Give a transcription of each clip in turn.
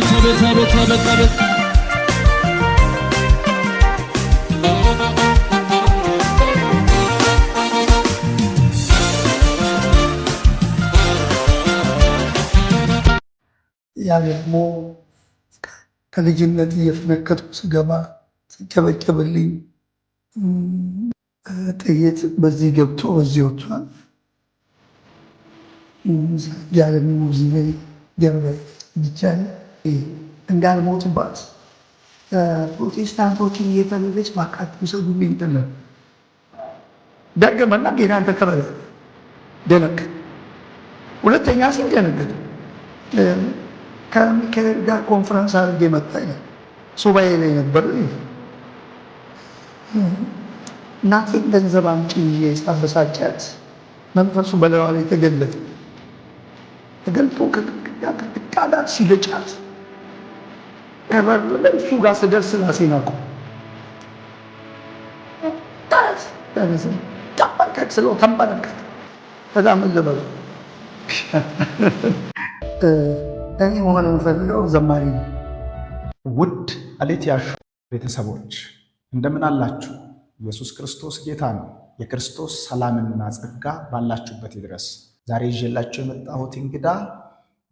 tabi tabi tabi tabi tabi. Yani bu ከልጅነት እየተነከርኩ ስገባ ሲከበከብልኝ ጥይት በዚህ ገብቶ በዚህ ወጥቷል። ጃለሚ ሙዝሜ ገብረ ይቻላል እንዳልሞትባት ፕሮቴስታንቶችን እየፈለገች ባቃት ውሰዱልኝ ትለ ደገመና ጌታን ተቀበለ። ደነቅ ሁለተኛ ሲል ደነገጠ። ከሚካኤል ጋር ኮንፈረንስ አድርጌ መጣ ሱባኤ ላይ ነበር። እናቴን ገንዘብ አምጪ ሳበሳጫት መንፈሱ በላዋ ላይ ተገለጠ። ተገልጦ ከቅድቃዳት ሲለጫት እሱ ጋር ስደርስ ራሴን አውቀው እኔ መሆን የምፈልገው ዘማሪ ነው። ውድ አሌት ያሹ ቤተሰቦች እንደምን አላችሁ? ኢየሱስ ክርስቶስ ጌታ ነው። የክርስቶስ ሰላምና ጸጋ ባላችሁበት ይድረስ። ዛሬ ይዤላችሁ የመጣሁት እንግዳ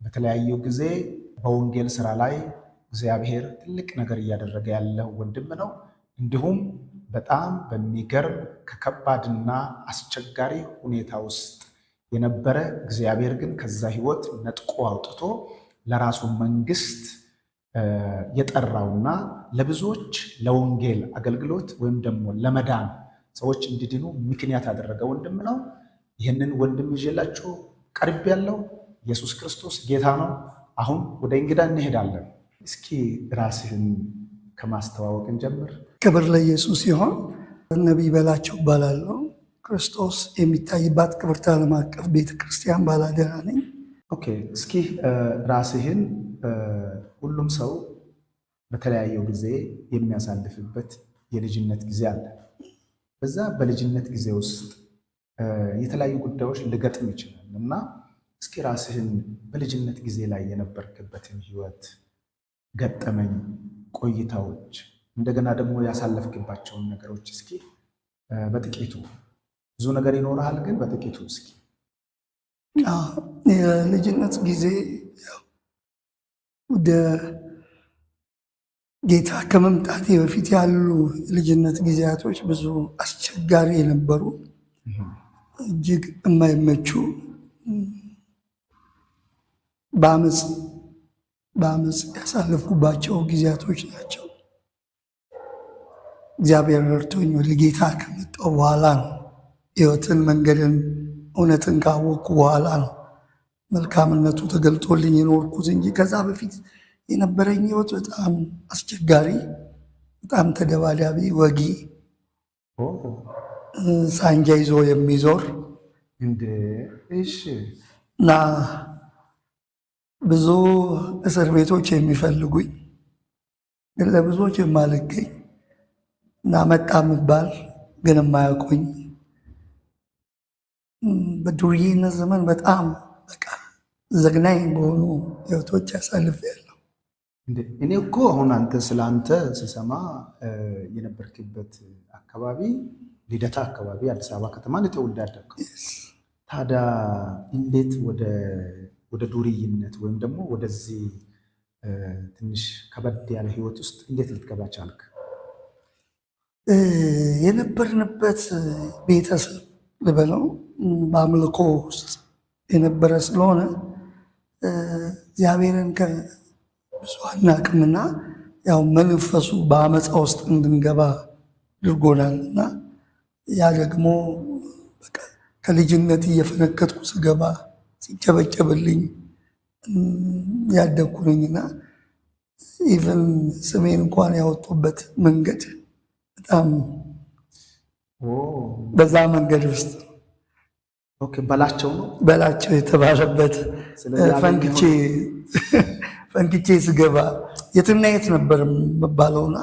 በተለያዩ ጊዜ በወንጌል ስራ ላይ እግዚአብሔር ትልቅ ነገር እያደረገ ያለው ወንድም ነው። እንዲሁም በጣም በሚገርም ከከባድና አስቸጋሪ ሁኔታ ውስጥ የነበረ እግዚአብሔር ግን ከዛ ህይወት ነጥቆ አውጥቶ ለራሱ መንግስት የጠራውና ለብዙዎች ለወንጌል አገልግሎት ወይም ደግሞ ለመዳን ሰዎች እንዲድኑ ምክንያት ያደረገ ወንድም ነው። ይህንን ወንድም ይዤላችሁ ቀርብ ያለው ኢየሱስ ክርስቶስ ጌታ ነው። አሁን ወደ እንግዳ እንሄዳለን። እስኪ ራስህን ከማስተዋወቅ እንጀምር። ክብር ለኢየሱስ ሲሆን ነቢይ በላቸው እባላለሁ። ክርስቶስ የሚታይባት ክብርት ዓለም አቀፍ ቤተ ክርስቲያን ባላደራ ነኝ። ኦኬ፣ እስኪ ራስህን ሁሉም ሰው በተለያየው ጊዜ የሚያሳልፍበት የልጅነት ጊዜ አለ። በዛ በልጅነት ጊዜ ውስጥ የተለያዩ ጉዳዮች ልገጥም ይችላል እና እስኪ ራስህን በልጅነት ጊዜ ላይ የነበርክበትን ህይወት ገጠመኝ ቆይታዎች፣ እንደገና ደግሞ ያሳለፍክባቸውን ነገሮች እስኪ በጥቂቱ ብዙ ነገር ይኖርሃል፣ ግን በጥቂቱ እስኪ። የልጅነት ጊዜ ወደ ጌታ ከመምጣቴ በፊት ያሉ ልጅነት ጊዜያቶች ብዙ አስቸጋሪ የነበሩ እጅግ የማይመቹ በአመፅ በአመፅ ያሳለፍኩባቸው ጊዜያቶች ናቸው። እግዚአብሔር ረድቶኝ ወደ ጌታ ከመጣሁ በኋላ ነው። ሕይወትን መንገድን፣ እውነትን ካወቅኩ በኋላ ነው መልካምነቱ ተገልጦልኝ የኖርኩት እንጂ ከዛ በፊት የነበረኝ ሕይወት በጣም አስቸጋሪ፣ በጣም ተደባዳቢ፣ ወጊ ሳንጃ ይዞ የሚዞር እና ብዙ እስር ቤቶች የሚፈልጉኝ ግን ለብዙዎች የማልገኝ እና መጣ የምባል ግን የማያውቁኝ በዱርዬነት ዘመን በጣም በቃ ዘግናኝ በሆኑ ህይወቶች ያለው። እኔ እኮ አሁን አንተ ስለ አንተ ስሰማ የነበርክበት አካባቢ ልደታ አካባቢ አዲስ አበባ ከተማ ነው የተወለድከው። ታዲያ እንዴት ወደ ወደ ዱርይነት ወይም ደግሞ ወደዚህ ትንሽ ከበድ ያለ ህይወት ውስጥ እንዴት ልትገባ ቻልክ? የነበርንበት ቤተሰብ ልበለው በአምልኮ ውስጥ የነበረ ስለሆነ እግዚአብሔርን ብዙ አናቅምና ያው መንፈሱ በአመፃ ውስጥ እንድንገባ አድርጎናል እና ያ ደግሞ ከልጅነት እየፈነከትኩ ስገባ ሲጨበጨብልኝ ያደግኩ ነኝና ኢቨን ስሜን እንኳን ያወጡበት መንገድ በጣም በዛ መንገድ ውስጥ በላቸው ነው በላቸው የተባለበት ፈንክቼ ፈንክቼ ስገባ የትና የት ነበር መባለውና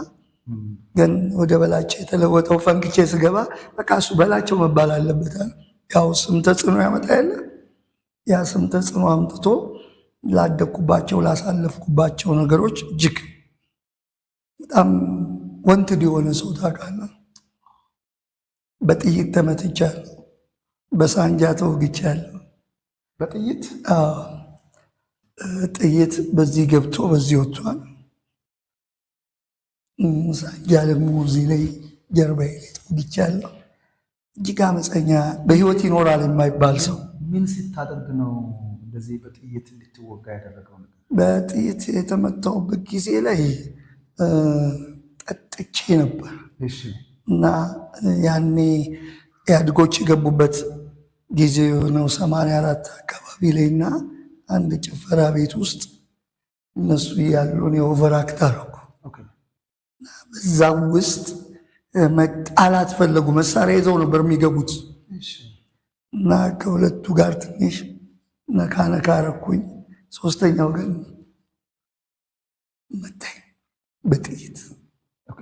ግን ወደ በላቸው የተለወጠው ፈንክቼ ስገባ በቃ እሱ በላቸው መባል አለበታል። ያው ስም ተጽዕኖ ያመጣ የለ ያ ስም ተጽዕኖ አምጥቶ ላደግኩባቸው ላሳለፍኩባቸው ነገሮች እጅግ በጣም ወንትድ የሆነ ሰው ታውቃለህ። በጥይት ተመትቻለሁ፣ በሳንጃ ተወግቻለሁ። በጥይት ጥይት በዚህ ገብቶ በዚህ ወጥቷል። ሳንጃ ደግሞ እዚህ ላይ ጀርባዬ ላይ ተወግቻለሁ። እጅግ አመፀኛ በህይወት ይኖራል የማይባል ሰው ምን ስታደርግ ነው እንደዚህ በጥይት እንድትወጋ ያደረገው? በጥይት የተመታውበት ጊዜ ላይ ጠጥቼ ነበር እና ያኔ ያድጎች የገቡበት ጊዜ የሆነው ሰማንያ አራት አካባቢ ላይ እና አንድ ጭፈራ ቤት ውስጥ እነሱ ያለውን የኦቨር አክት አደረጉ። በዛም ውስጥ መጣላት ፈለጉ። መሳሪያ ይዘው ነበር የሚገቡት እና ከሁለቱ ጋር ትንሽ ነካ ነካ አረኩኝ። ሶስተኛው ግን መታኝ በጥይት።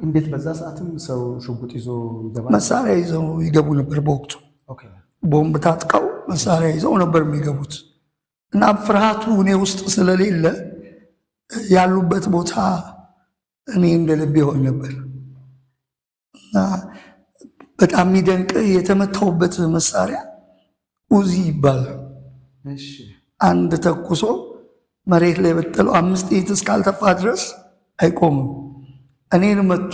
እንዴት በዛ ሰዓትም ሰው ሽጉጥ ይዞ ይገባል? መሳሪያ ይዘው ይገቡ ነበር በወቅቱ ቦምብ ታጥቀው መሳሪያ ይዘው ነበር የሚገቡት። እና ፍርሃቱ እኔ ውስጥ ስለሌለ ያሉበት ቦታ እኔ እንደ ልብ ይሆን ነበር እና በጣም የሚደንቅ የተመታውበት መሳሪያ ኡዚ ይባላል። አንድ ተኩሶ መሬት ላይ የበጠለው አምስት ጥይት እስካልተፋ ድረስ አይቆምም። እኔን መጥቶ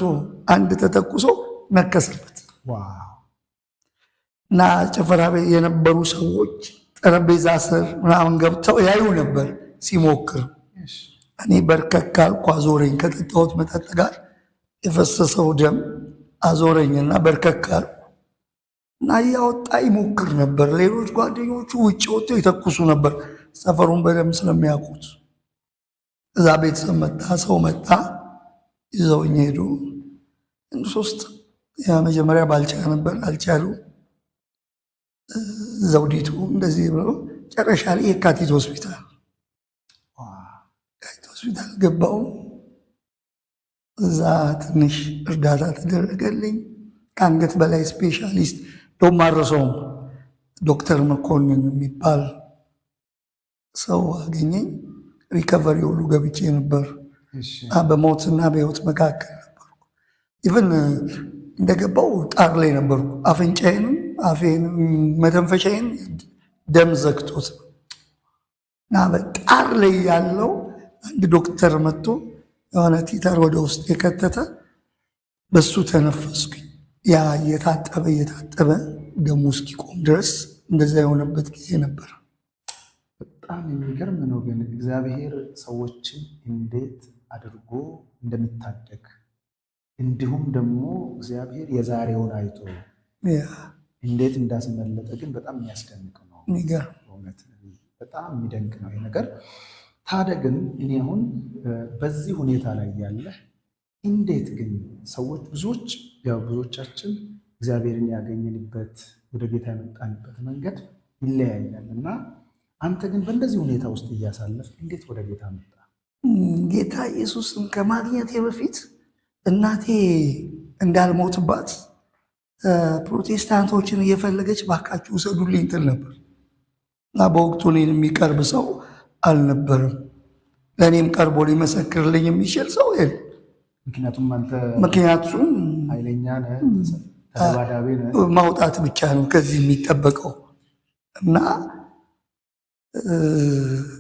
አንድ ተተኩሶ ነከሰበት እና ጭፈራ ቤት የነበሩ ሰዎች ጠረጴዛ ስር ምናምን ገብተው ያዩ ነበር ሲሞክር። እኔ በርከክ አልኩ። አዞረኝ ከጠጣሁት መጠጥ ጋር የፈሰሰው ደም አዞረኝና በርከክ አልኩ። እና እያወጣ ይሞክር ነበር። ሌሎች ጓደኞቹ ውጭ ወጥተው ይተኩሱ ነበር። ሰፈሩን በደምብ ስለሚያውቁት እዛ ቤተሰብ መጣ፣ ሰው መጣ፣ ይዘውኝ ሄዱ። ሶስት መጀመሪያ ባልቻ ነበር አልቻሉ፣ ዘውዲቱ እንደዚህ ብሎ ጨረሻ ላይ የካቲት ሆስፒታል የካቲት ሆስፒታል ገባው። እዛ ትንሽ እርዳታ ተደረገልኝ። ከአንገት በላይ ስፔሻሊስት እንደውም ዶክተር መኮንን የሚባል ሰው አገኘኝ። ሪከቨሪ ሁሉ ገብቼ ነበር። በሞትና በህይወት መካከል ነበርኩ። ኢቨን እንደገባው ጣር ላይ ነበርኩ። አፍንጫዬንም አፌንም መተንፈሻዬን ደም ዘግቶት እና በጣር ላይ ያለው አንድ ዶክተር መጥቶ የሆነ ቲተር ወደ ውስጥ የከተተ በሱ ተነፈስኩኝ። ያ እየታጠበ እየታጠበ ደሞ እስኪቆም ድረስ እንደዛ የሆነበት ጊዜ ነበር። በጣም የሚገርም ነው። ግን እግዚአብሔር ሰዎችን እንዴት አድርጎ እንደሚታደግ እንዲሁም ደግሞ እግዚአብሔር የዛሬውን አይቶ እንዴት እንዳስመለጠ ግን በጣም የሚያስደንቅ ነው። በጣም የሚደንቅ ነው ይሄ ነገር። ታዲያ ግን እኔ አሁን በዚህ ሁኔታ ላይ ያለህ እንዴት ግን ሰዎች ብዙዎች ያው ብዙዎቻችን እግዚአብሔርን ያገኘንበት ወደ ጌታ የመጣንበት መንገድ ይለያያል እና አንተ ግን በእንደዚህ ሁኔታ ውስጥ እያሳለፍ እንዴት ወደ ጌታ መጣ? ጌታ ኢየሱስን ከማግኘቴ በፊት እናቴ እንዳልሞትባት ፕሮቴስታንቶችን እየፈለገች ባካችሁ ውሰዱልኝ ትል ነበር እና በወቅቱ እኔን የሚቀርብ ሰው አልነበርም። ለእኔም ቀርቦ ሊመሰክርልኝ የሚችል ሰው የለም። ምክንያቱም አንተ ምክንያቱም ኃይለኛ ተደባዳቢ ማውጣት ብቻ ነው ከዚህ የሚጠበቀው እና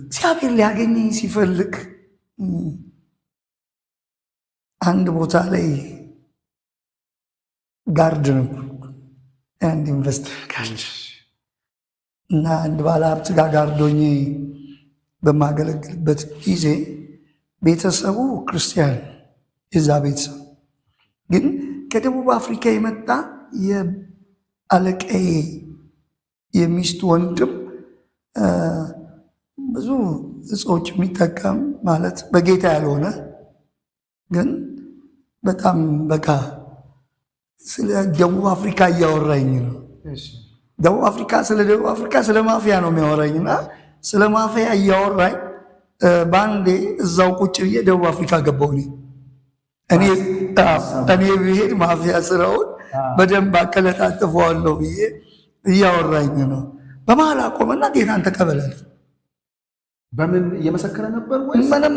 እግዚአብሔር ሊያገኘኝ ሲፈልግ አንድ ቦታ ላይ ጋርድ ነው አንድ ኢንቨስተር ጋርድ እና አንድ ባለ ሀብት ጋር ጋርዶኜ በማገለግልበት ጊዜ ቤተሰቡ ክርስቲያን የዛ ቤተሰብ ግን ከደቡብ አፍሪካ የመጣ የአለቀዬ የሚስት ወንድም ብዙ እጾች የሚጠቀም ማለት በጌታ ያልሆነ ግን በጣም በቃ ስለ ደቡብ አፍሪካ እያወራኝ ነው። ደቡብ አፍሪካ ስለ ደቡብ አፍሪካ ስለ ማፊያ ነው የሚያወራኝ እና ስለ ማፊያ እያወራኝ በአንዴ እዛው ቁጭ ብዬ ደቡብ አፍሪካ ገባሁ እኔ። እኔ ብሄድ ማፊያ ስራውን በደንብ አቀለጣጥፈዋለሁ ብዬ እያወራኝ ነው። በመሀል አቆመና ጌታን ተቀበላለሁ። በምን እየመሰከረ ነበር ወይ? ምንም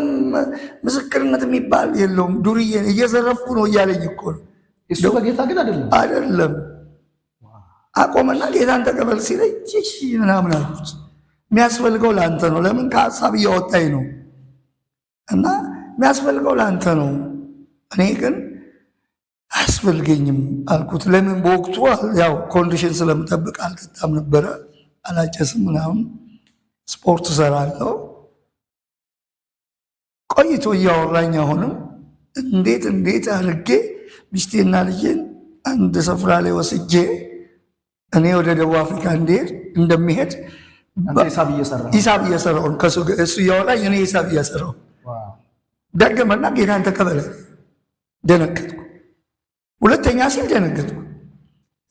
ምስክርነት የሚባል የለውም። ዱርዬ እየዘረፍኩ ነው እያለኝ እኮ ነው። እሱ በጌታ ግን አይደለም አይደለም። አቆመና ጌታን ተቀበል ሲለኝ ምናምን አልኩት። የሚያስፈልገው ለአንተ ነው። ለምን ከሀሳብ እያወጣኝ ነው እና የሚያስፈልገው ለአንተ ነው እኔ ግን አያስፈልገኝም አልኩት። ለምን በወቅቱ ያው ኮንዲሽን ስለምጠብቅ አልጠጣም ነበረ፣ አላጨስም ምናምን፣ ስፖርት ሰራለው። ቆይቶ እያወራኝ አሁንም እንዴት እንዴት አድርጌ ሚስቴና ልጄን አንድ ስፍራ ላይ ወስጄ እኔ ወደ ደቡብ አፍሪካ እንድሄድ እንደሚሄድ ሂሳብ እየሰራሁ ነው። እሱ እያወራኝ እኔ ሂሳብ እያሰራሁ ደገመና ጌታን ተቀበለ ደነገጥኩ። ሁለተኛ ሲል ደነገጥኩ።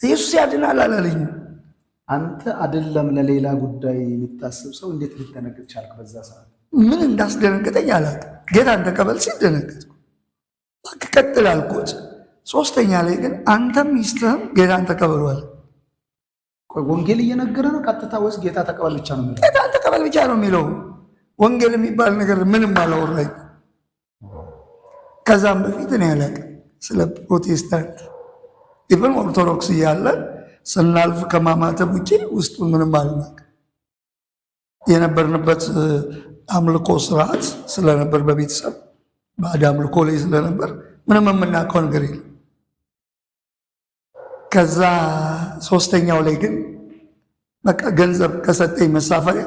ኢየሱስ ያድናል አላለኝ። አንተ አደለም ለሌላ ጉዳይ የሚታስብ ሰው እንዴት ልትደነግጥ ቻልክ? በዛ ሰዓት ምን እንዳስደነገጠኝ አላውቅም። ጌታን ተቀበል ሲል ደነገጥኩ። እባክህ ቀጥል አልኩት። ሶስተኛ ላይ ግን አንተም ሚስትህም ጌታን ተቀበሏል። ወንጌል እየነገረ ነው ቀጥታ ወይስ ጌታ ተቀበል ብቻ ነው? ጌታን ተቀበል ብቻ ነው የሚለው። ወንጌል የሚባል ነገር ምንም አላወራኝ ከዛም በፊት እኔ አላቅም ስለ ፕሮቴስታንት ኢቨን ኦርቶዶክስ እያለ ስናልፍ ከማማተብ ውጭ ውስጡ ምንም አልናቅ የነበርንበት አምልኮ ስርዓት ስለነበር በቤተሰብ ባዕድ አምልኮ ላይ ስለነበር ምንም የምናውቀው ነገር የለም። ከዛ ሶስተኛው ላይ ግን በቃ ገንዘብ ከሰጠኝ መሳፈሪያ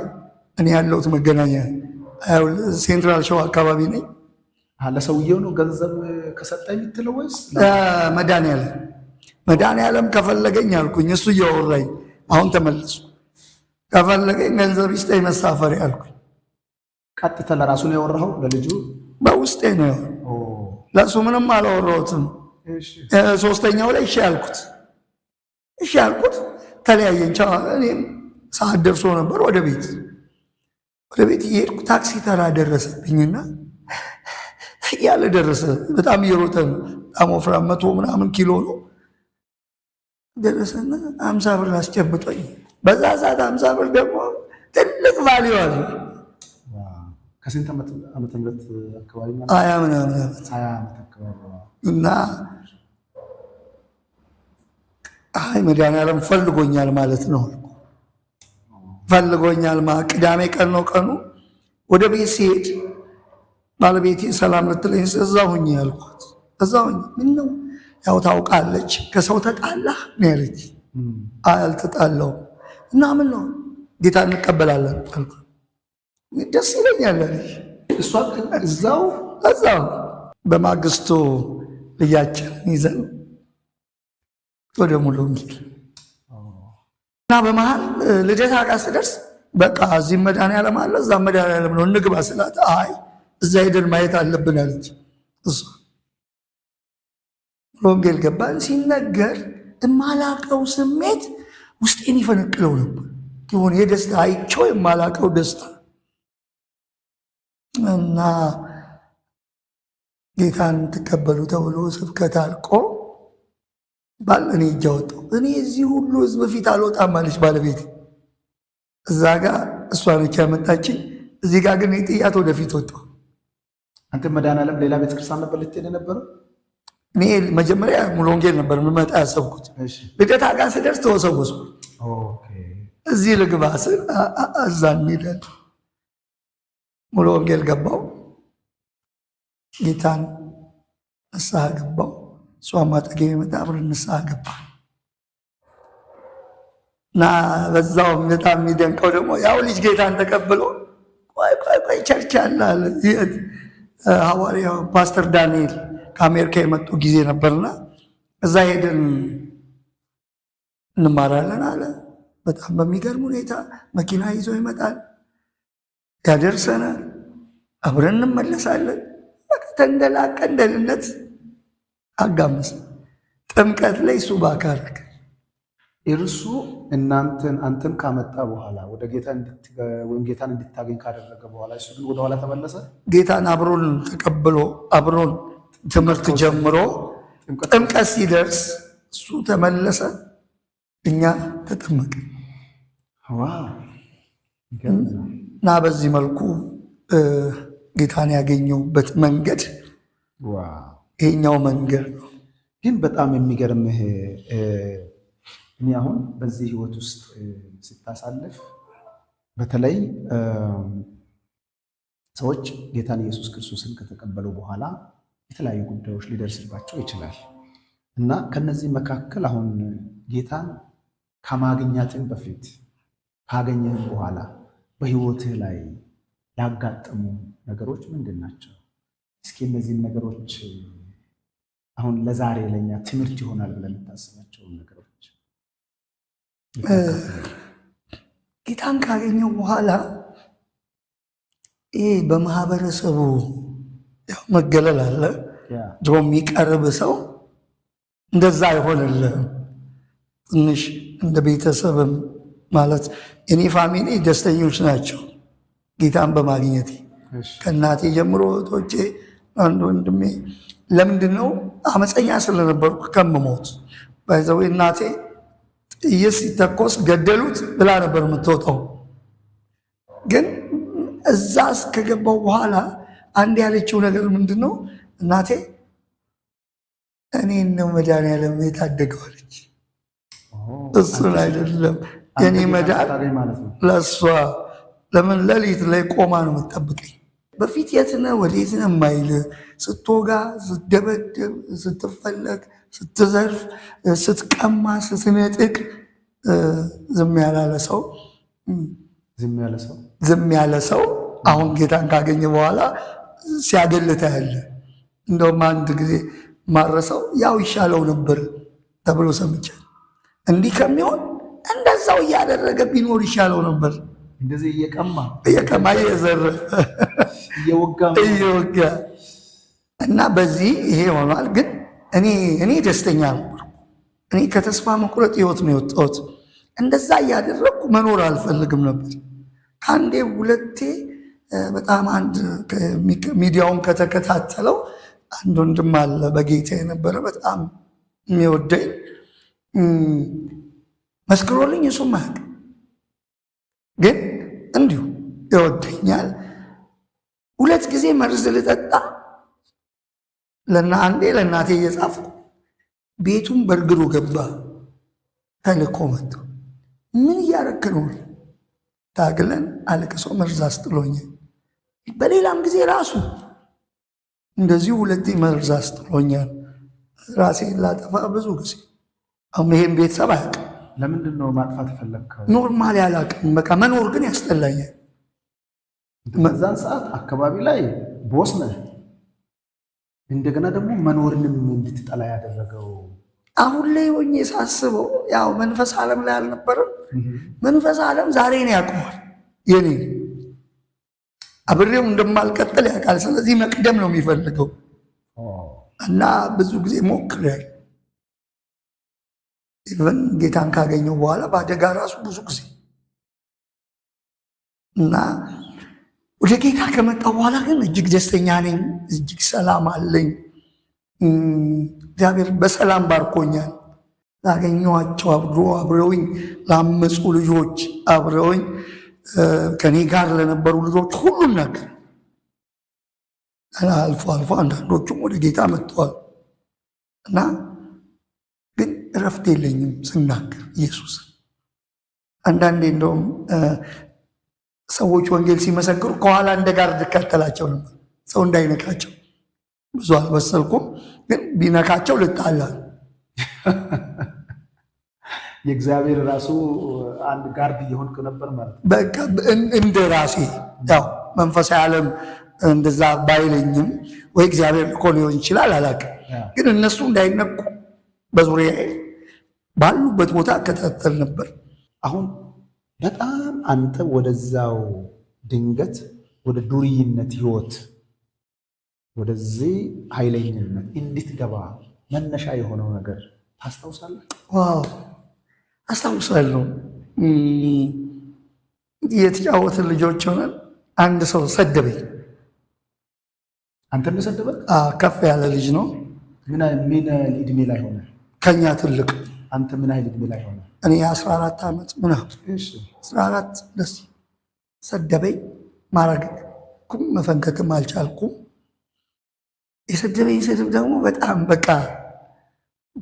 እኔ ያለሁት መገናኛ ሴንትራል ሸዋ አካባቢ ነኝ። ለሰውየው ነው ገንዘብ ከሰጠ የምትለው ወይስ መድኃኒዓለም? መድኃኒዓለም ከፈለገኝ አልኩኝ። እሱ እያወራኝ አሁን ተመለስኩ። ከፈለገኝ ገንዘብ ይስጠኝ መሳፈሪ አልኩኝ። ቀጥተ ለራሱ ነው ያወራኸው? ለልጁ በውስጤ ነው። ለእሱ ምንም አላወራሁትም። ሶስተኛው ላይ እሺ ያልኩት እሺ ያልኩት ተለያየን። እኔም ሰዓት ደርሶ ነበር። ወደ ቤት ወደ ቤት እየሄድኩ ታክሲ ተራ ደረሰብኝና እያለ ደረሰ። በጣም እየሮጠ በጣም ወፍራም መቶ ምናምን ኪሎ ነው። ደረሰና አምሳ ብር አስጨብጦኝ በዛ ሰዓት አምሳ ብር ደግሞ ትልቅ ቫሊዩ አለ። ከስንት ዓመተ ምህረት አካባቢ? ሀያ ምናምን እና አይ መድኃኒዓለም ፈልጎኛል ማለት ነው ፈልጎኛል። ቅዳሜ ቀን ነው ቀኑ ወደ ቤት ሲሄድ ባለቤቴ ሰላም ልትለኝ እዛ ሁኝ ያልኳት፣ እዛ ሁኝ ምን ነው ያው ታውቃለች። ከሰው ተጣላህ ነው ያለች። አልተጣላሁም እና ምን ነው ጌታ እንቀበላለን አልኳት። ደስ ይለኛል ያለች እሷ እዛው እዛው። በማግስቱ ልጃችን ይዘን ወደ ሙሉ ወንጌል እና በመሀል ልደታ ጋር ስደርስ በቃ እዚህ መድኃኒዓለም አለ እዛ መድኃኒዓለም ነው እንግባ ስላት አይ እዛ ሄደን ማየት አለብን አለች። እሱ ወንጌል ገባን ሲነገር የማላቀው ስሜት ውስጤን ይፈነቅለው ነበር። የሆነ የደስታ አይቸው የማላቀው ደስታ እና ጌታን ትቀበሉ ተብሎ ስብከት አልቆ ባል እኔ እጅ እኔ እዚህ ሁሉ ህዝብ ፊት አልወጣም አለች ባለቤት። እዛ ጋ እሷ ነች ያመጣችኝ። እዚህ ጋ ግን ጥያት ወደፊት ወጣሁ። አንተ መድኃኒዓለም ሌላ ክርስቲያን ነበር ልትሄድ የነበረው? እኔ መጀመሪያ ሙሉ ወንጌል ነበር የምመጣ ያሰብኩት። ልደታ ጋር ስደርስ ተወሰወስኩ። እዚህ ልግባ ስል እዛ እንሂዳለን። ሙሉ ወንጌል ገባው፣ ጌታን ንስሐ ገባው። እሷም አጠገቤ መጣ፣ አብረን ንስሐ ገባ እና በዛው በጣም የሚደንቀው ደግሞ ያው ልጅ ጌታን ተቀብሎ ቆይ ቆይ ቆይ ቸርች ያለ ሐዋርያው ፓስተር ዳንኤል ከአሜሪካ የመጡ ጊዜ ነበርና እዛ ሄደን እንማራለን አለ። በጣም በሚገርም ሁኔታ መኪና ይዞ ይመጣል፣ ያደርሰናል፣ አብረን እንመለሳለን። ተንደላቀን እንደልነት አጋመስ ጥምቀት ላይ ሱባ ካረግ እርሱ እናንተን አንተን ካመጣ በኋላ ወደ ጌታ ወይም ጌታን እንድታገኝ ካደረገ በኋላ እሱ ግን ወደኋላ ተመለሰ። ጌታን አብሮን ተቀብሎ አብሮን ትምህርት ጀምሮ ጥምቀት ሲደርስ እሱ ተመለሰ፣ እኛ ተጠመቀ እና በዚህ መልኩ ጌታን ያገኘውበት መንገድ ይሄኛው መንገድ ነው። ግን በጣም የሚገርምህ እኔ አሁን በዚህ ህይወት ውስጥ ስታሳልፍ በተለይ ሰዎች ጌታን ኢየሱስ ክርስቶስን ከተቀበሉ በኋላ የተለያዩ ጉዳዮች ሊደርስባቸው ይችላል እና ከነዚህ መካከል አሁን ጌታን ከማግኘትህ በፊት ካገኘህም በኋላ በህይወትህ ላይ ያጋጠሙ ነገሮች ምንድን ናቸው? እስኪ እነዚህን ነገሮች አሁን ለዛሬ ለኛ ትምህርት ይሆናል ብለን የምታስባቸውን ነገሮች ጌታን ካገኘው በኋላ ይህ በማህበረሰቡ መገለል አለ። ድሮ የሚቀርብ ሰው እንደዛ አይሆንልህም። ትንሽ እንደ ቤተሰብም ማለት እኔ ፋሚሊ ደስተኞች ናቸው ጌታን በማግኘቴ ከእናቴ ጀምሮ እህቶቼ፣ አንድ ወንድሜ። ለምንድን ነው አመፀኛ ስለነበርኩ ከምሞት ባይዘዌ እናቴ ጥይት ሲተኮስ ገደሉት ብላ ነበር የምትወጣው። ግን እዛ እስከገባው በኋላ አንድ ያለችው ነገር ምንድን ነው? እናቴ እኔን ነው መድኃኒዓለም የታደገው አለች። እሱን አይደለም የኔ መዳን ለእሷ። ለምን ለሊት ላይ ቆማ ነው የምትጠብቀኝ። በፊት የት ነህ ነህ የማይል ስትወጋ፣ ስትደበደብ፣ ስትፈለግ ስትዘርፍ፣ ስትቀማ፣ ስትነጥቅ ዝም ያላለ ሰው ዝም ያለ ሰው አሁን ጌታን ካገኘ በኋላ ሲያገልታ ያለ እንደውም አንድ ጊዜ ማረሰው ያው ይሻለው ነበር ተብሎ ሰምቻል። እንዲህ ከሚሆን እንደዛው እያደረገ ቢኖር ይሻለው ነበር። እንደዚህ እየቀማ እየቀማ እየዘረ እየወጋ እና በዚህ ይሄ ሆኗል ግን እኔ እኔ ደስተኛ ነበር። እኔ ከተስፋ መቁረጥ ህይወት ነው የወጣሁት። እንደዛ እያደረግኩ መኖር አልፈልግም ነበር። ከአንዴ ሁለቴ በጣም አንድ ሚዲያውን ከተከታተለው አንድ ወንድም አለ በጌታ የነበረ በጣም የሚወደኝ መስክሮልኝ፣ እሱም አያውቅም ግን እንዲሁ ይወደኛል። ሁለት ጊዜ መርዝ ልጠጣ ለእናንዴ ለእናቴ እየጻፍኩ ቤቱን በእርግዱ ገባ። ተልኮ መጥቶ ምን እያረክ ነው? ታግለን አልቅሶ መርዝ አስጥሎኛል። በሌላም ጊዜ ራሱ እንደዚሁ ሁለቴ መርዝ አስጥሎኛል። ራሴን ላጠፋ ብዙ ጊዜ አሁን ይሄን ቤተሰብ አያውቅም። ለምንድን ነው ማጥፋት የፈለግከው? ኖርማል ያላቅም። በቃ መኖር ግን ያስጠላኛል። በዛን ሰዓት አካባቢ ላይ ቦስ ነህ እንደገና ደግሞ መኖርንም እንድትጠላ ያደረገው አሁን ላይ ሆኜ ሳስበው ያው መንፈስ ዓለም ላይ አልነበረም። መንፈስ ዓለም ዛሬ ነው ያውቀዋል። የኔ አብሬው እንደማልቀጥል ያውቃል። ስለዚህ መቅደም ነው የሚፈልገው እና ብዙ ጊዜ ሞክሬያል። ኢቨን ጌታን ካገኘው በኋላ በአደጋ ራሱ ብዙ ጊዜ እና ወደ ጌታ ከመጣሁ በኋላ ግን እጅግ ደስተኛ ነኝ፣ እጅግ ሰላም አለኝ። እግዚአብሔር በሰላም ባርኮኛል። ላገኘኋቸው አብሮ አብረውኝ ላመፁ ልጆች አብረውኝ ከኔ ጋር ለነበሩ ልጆች ሁሉም ነገር አልፎ አልፎ አንዳንዶቹም ወደ ጌታ መጥተዋል እና ግን እረፍት የለኝም ስናገር ኢየሱስ። አንዳንዴ እንደውም ሰዎች ወንጌል ሲመሰክሩ ከኋላ እንደ ጋር ልከተላቸው ነበር፣ ሰው እንዳይነካቸው። ብዙ አልበሰልኩም፣ ግን ቢነካቸው ልጣላ። የእግዚአብሔር ራሱ አንድ ጋርድ እየሆንክ ነበር ማለት ነው። እንደ ራሴ ያው መንፈሳዊ ዓለም እንደዛ ባይለኝም ወይ እግዚአብሔር ልኮ ሊሆን ይችላል አላውቅም። ግን እነሱ እንዳይነቁ በዙሪያ ባሉበት ቦታ እከታተል ነበር አሁን በጣም አንተ ወደዛው ድንገት ወደ ዱርይነት ህይወት ወደዚህ ኃይለኝነት እንድትገባ መነሻ የሆነው ነገር ታስታውሳለህ? ዋው አስታውሳለሁ። የተጫወትን ልጆች ሆነን አንድ ሰው ሰደበኝ። አንተ ሰደበ? ከፍ ያለ ልጅ ነው። ምን ምን እድሜ ላይ ሆነ? ከኛ ትልቅ አንተ ምን አይነት ዕድሜ ላይ ሆነ? እኔ አስራ አራት ዓመት ምናምን አስራ አራት ደስ ሰደበኝ። ማረግኩም መፈንከትም አልቻልኩም። የሰደበኝ ስድብ ደግሞ በጣም በቃ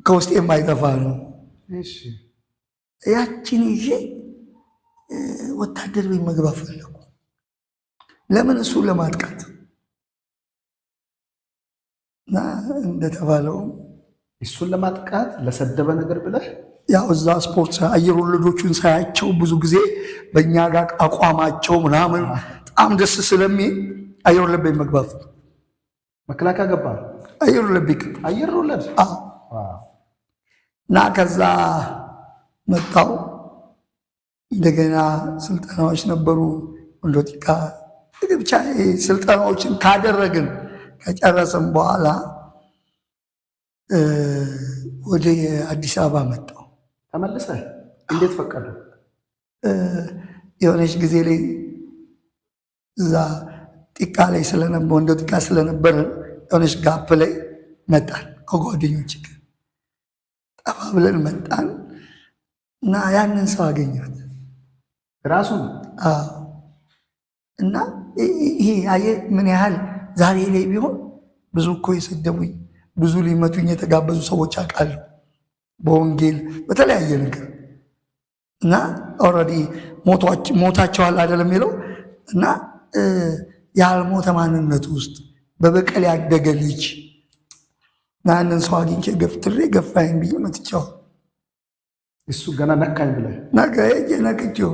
ከውስጤ የማይጠፋ ነው። ያችን ይዤ ወታደር ወይ መግባት ፈለኩ። ለምን እሱ ለማጥቃት እና እንደተባለውም እሱን ለማጥቃት ለሰደበ ነገር ብለህ ያው እዛ ስፖርት አየር ወለዶቹን ሳያቸው ብዙ ጊዜ በእኛ ጋር አቋማቸው ምናምን በጣም ደስ ስለሚ አየር ወለቤ መግባት መከላከያ ገባ። አየር ወለቤ አየር ወለድ እና ከዛ መጣው። እንደገና ስልጠናዎች ነበሩ እንዶጢቃ ብቻ ስልጠናዎችን ካደረግን ከጨረስን በኋላ ወደ አዲስ አበባ መጣሁ። ተመልሰ እንዴት ፈቀዱ? የሆነች ጊዜ ላይ እዛ ጢቃ ላይ ስለነበ ወንዶ ጢቃ ስለነበረ የሆነች ጋፕ ላይ መጣን ከጓደኞች ጋር ጠፋ ብለን መጣን እና ያንን ሰው አገኘሁት ራሱ እና ይሄ አየህ ምን ያህል ዛሬ ላይ ቢሆን ብዙ እኮ የሰደቡኝ ብዙ ሊመቱኝ የተጋበዙ ሰዎች አውቃለሁ በወንጌል በተለያየ ነገር እና ኦልሬዲ ሞታቸዋል አይደለም የሚለው እና ያልሞተ ማንነት ውስጥ በበቀል ያደገ ልጅ ናንን ሰው አግኝቼ ገፍትሬ ገፋኝ ብዬ መትቻው እሱ ገና ነካኝ ብለ ነገ ነቅቼው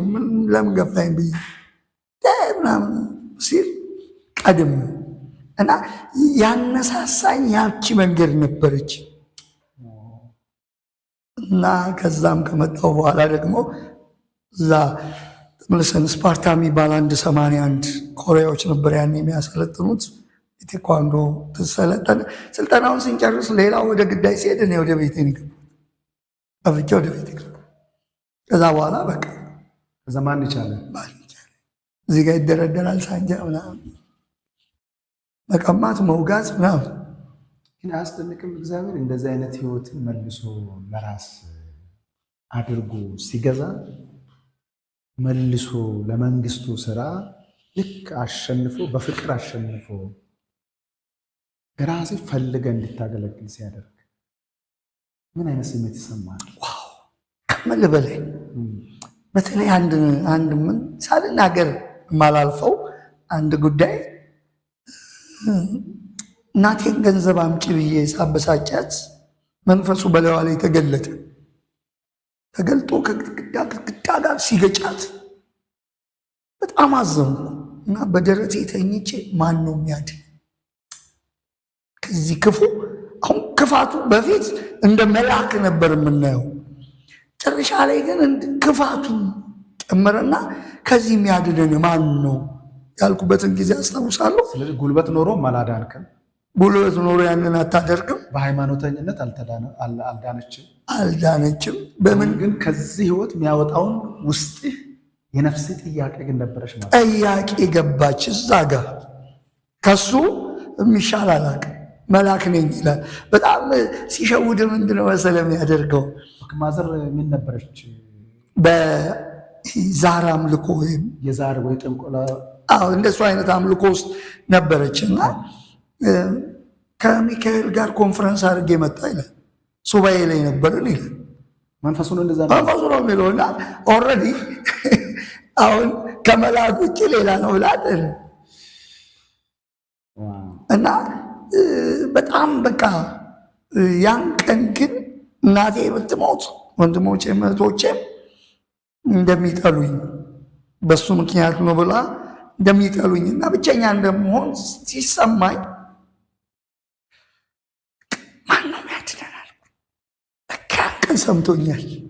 ለምን ገፋኝ ብዬ ምናምን ሲል ቀድም እና ያነሳሳኝ ያቺ መንገድ ነበረች እና ከዛም ከመጣው በኋላ ደግሞ እዛ ተመልሰን ስፓርታ የሚባል አንድ ሰማንያ አንድ ኮሪያዎች ነበር ያን የሚያሰለጥኑት ቴኳንዶ ተሰለጠነ። ስልጠናውን ስንጨርስ ሌላ ወደ ግዳይ ሲሄድ እኔ ወደ ቤቴ ገባ አፍቼ ወደ ቤቴ ገባ። ከዛ በኋላ በቃ ከዛ ማን ይቻለ እዚህ ጋር ይደረደራል ሳንጃ ምናምን መቀማት፣ መውጋት ምናምን ግን አያስደንቅም? እግዚአብሔር እንደዚህ አይነት ህይወትን መልሶ ለራስ አድርጎ ሲገዛ መልሶ ለመንግስቱ ስራ ልክ አሸንፎ በፍቅር አሸንፎ ራሴ ፈልገ እንድታገለግል ሲያደርግ ምን አይነት ስሜት ይሰማል? ከምል በላይ በተለይ አንድ ምን ሳልናገር የማላልፈው አንድ ጉዳይ እናቴን ገንዘብ አምጪ ብዬ ሳበሳጫት መንፈሱ በላዋ ላይ ተገለጠ። ተገልጦ ከግድግዳ ግድግዳ ጋር ሲገጫት በጣም አዘንኩ እና በደረቴ ተኝቼ ማን ነው የሚያድ ከዚህ ክፉ? አሁን ክፋቱ በፊት እንደ መልአክ ነበር የምናየው። ጨረሻ ላይ ግን ክፋቱ ጨመረና ከዚህ የሚያድደን ማን ነው? ያልኩበትን ጊዜ አስታውሳለሁ። ስለዚህ ጉልበት ኖሮ አላዳንክም፣ ጉልበት ኖሮ ያንን አታደርግም። በሃይማኖተኝነት አልዳነችም አልዳነችም። በምን ግን ከዚህ ህይወት የሚያወጣውን ውስጥ የነፍስ ጥያቄ ግን ነበረች ማለት ጥያቄ ገባች እዛ ጋር ከሱ የሚሻል አላቅ መላክ ነኝ ይላል። በጣም ሲሸውድ ምንድነው መሰለ የሚያደርገው ማዘር ምን ነበረች በዛር አምልኮ ወይም የዛር ወይ ጥንቆላ እንደሱ አይነት አምልኮ ውስጥ ነበረች እና ከሚካኤል ጋር ኮንፈረንስ አድርጌ መጣ ይለ ሱባኤ ላይ ነበርን ይለ መንፈሱ ነው የሚለው እና ኦልሬዲ አሁን ከመልአክ ውጭ ሌላ ነው ብላት እና በጣም በቃ ያን ቀን ግን እናቴ ብትሞት ወንድሞቼም እህቶቼም እንደሚጠሉኝ በሱ ምክንያት ነው ብላ እንደሚጠሉኝ እና ብቸኛ እንደመሆን ሲሰማኝ ማን ነው ያድነናል? በቃ ቀን ሰምቶኛል።